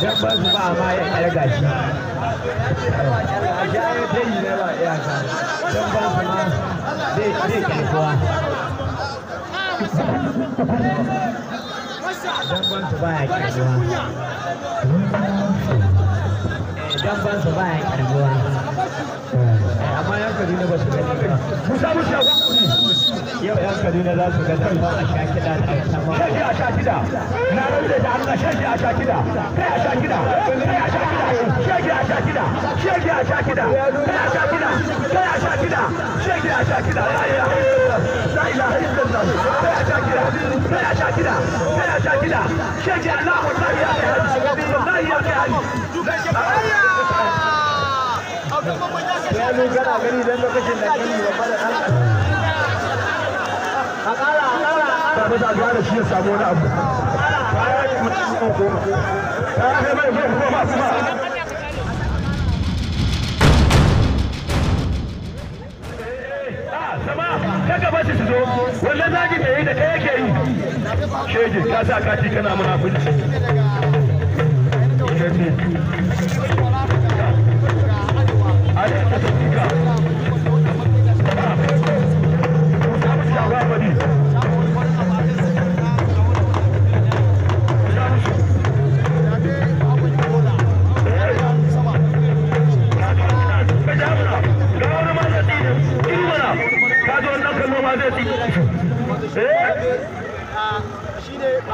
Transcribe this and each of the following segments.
jan ba su ba ma ya kare gashi a jaya ta yi na ba ya ka jan ba su ma zai zai ke kuwa jan ba su ba ya ke kuwa dan ba su ba ya karbuwa amma yan kaduna ba su gani ba musa musa yau yan kaduna za su ga dan a sha kiɗa da sama shaji a sha kiɗa na rantsa da Allah shaji a sha kai a sha kai a sha kiɗa a sha kiɗa a sha kai a sha kai a sha kiɗa a sha kiɗa la ilaha illallah la ilaha kai a sha kai a sha kai a sha shida shege Allah wallahi ya ya ya da kai ya ya ya ka bashi su zo wannan zagi da yi da kai yake yi shege ka sa kati kana munafunci Thank you.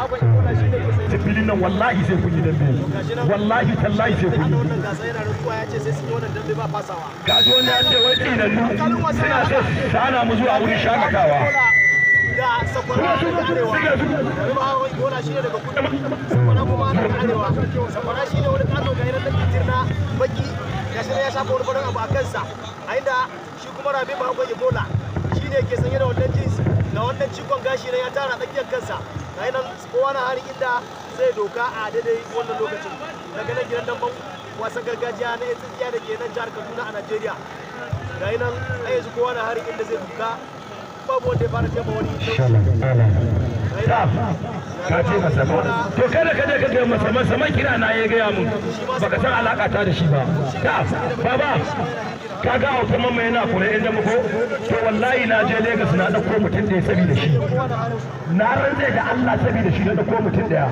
jibilin nan wallahi sai kun yi dambe wallahi tallahi sai kun yi ga ji wani an ce wai tsinannu suna so su mu zuwa wurin shakatawa shi ne daga sakwara kuma arewa sakwara shi ne wani baki gashi ya wani abu a inda shi kuma rabi ba ya ebola shi ne ke sanye da wannan jeans da wannan cikon gashi na ya tara tsakiyar kansa ga nan kowa na inda zai doka a daidai wannan lokacin daga nan gidan damban wasan gargajiya na tsintsiya da ke nan jihar kaduna a najeriya ga nan a yanzu kowa na halin inda zai doka babu wanda ya fara jama wani ka ce masa ba to kada kada ka ga masa masa man kira na ya gaya mun baka san alaka ta da shi ba ta baba kaga a wata mamma yana kure yan muku to wallahi na je Legas na dauko mutum da ya sabi da shi na rantsa da Allah sabi da shi na dauko mutum da ya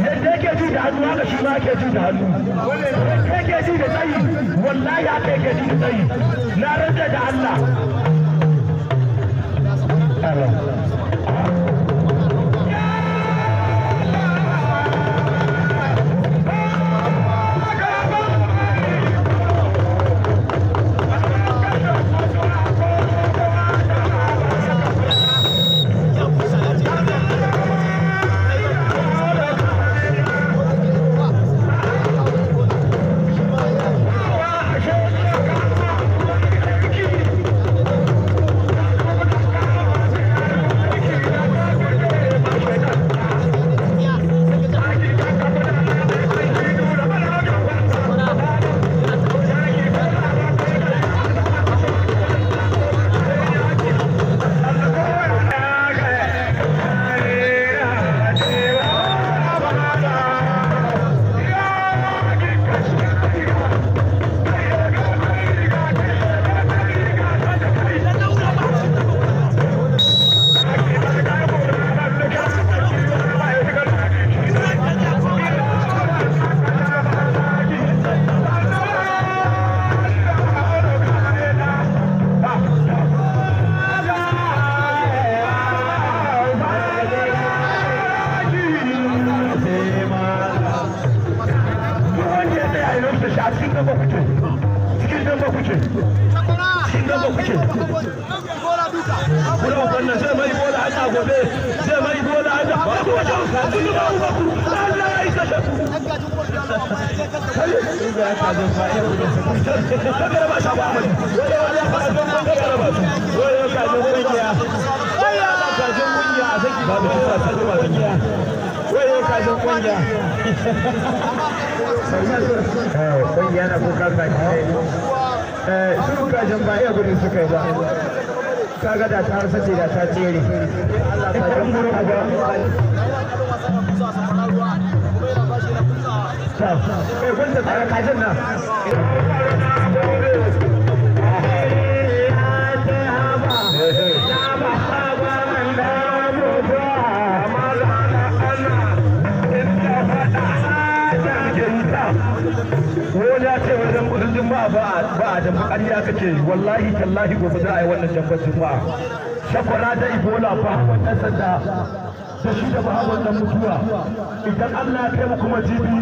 yadda yake ji da hannu haka shi ma yake ji da hannu yadda yake ji da tsayi wallahi haka yake ji da tsayi na rantsa da Allah Allah kungiya da kuka kaji ba iya gudun suka yi ba da ta harsa ce da kai wanda tsara kajin nan juma'a ba a da ƙarya kake wallahi tallahi gobe za a yi wannan dabbar juma'a shakwara da ibola ba da shi da bahawan dan mutuwa idan Allah ya kai mu kuma jibi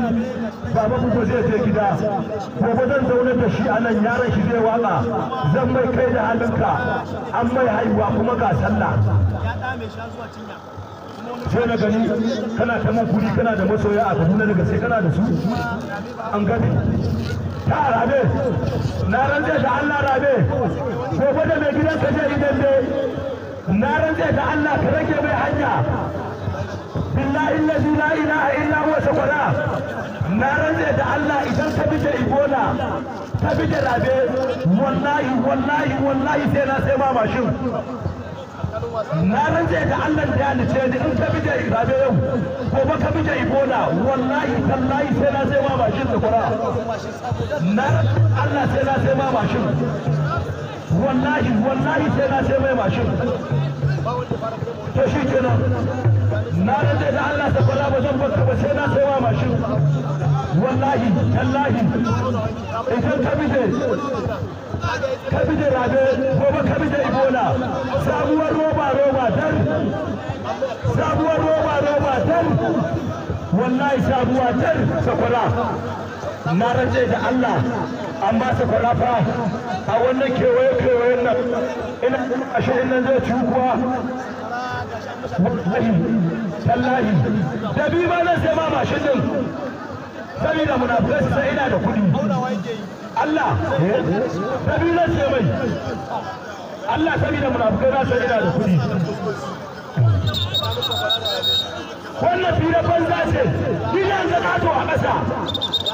baba mu zai je gida gobe zan zauna da shi a nan yaran shi zai waka zan mai kai da halinka an mai haihuwa kuma ga sallah sai na gani kana ta mun kuri kana da masoya a kaduna daga sai kana da su an gani ta rabe na ran da Allah rabe gobe da mai gidan ka je gidan dai na rantse da Allah ka rage mai hanya billahi allazi la ilaha illa huwa sakwara na rantse da Allah idan ka bi da ibola ka bi da rabe wallahi wallahi wallahi sai na sai ma mashin na rantse da Allah da ni ce in ka bi da rabe yau gobe ka bi da ibola wallahi tallahi sai na sai ma mashin sakwara na Allah sai na sai ma mashin wallahi wallahi sai na sai mai mashin to shi kenan na rage da Allah ta kwala ba zan baka ba sai na sai wa mashin wallahi tallahi idan ka bide ka bide rabe gobe ka bide ibola sabuwar roba roba dar sabuwar roba roba dar wallahi sabuwa dar sakwala na rage da Allah an ba su falafa a wannan kewaye kewayen nan ina ashe ina zai ci kuwa wallahi tallahi da bi ma zan sai ma mashin din saboda munafikai su sai ina da kuɗi Allah da bi zan sai mai Allah saboda munafikai za sai ina da kuɗi wannan fira banza ce ni zan to a ƙasa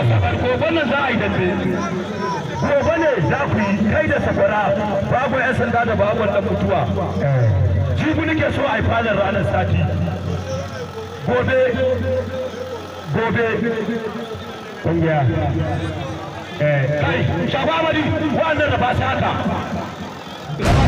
asabar gobe za a yi dambe gobe ne za ku yi kai da safara babu yan sanda da babu wannan mutuwa jibi nake so a yi fadar ranar sati gobe gobe kungiya eh. kai shaba mari wa'annan da ba su haka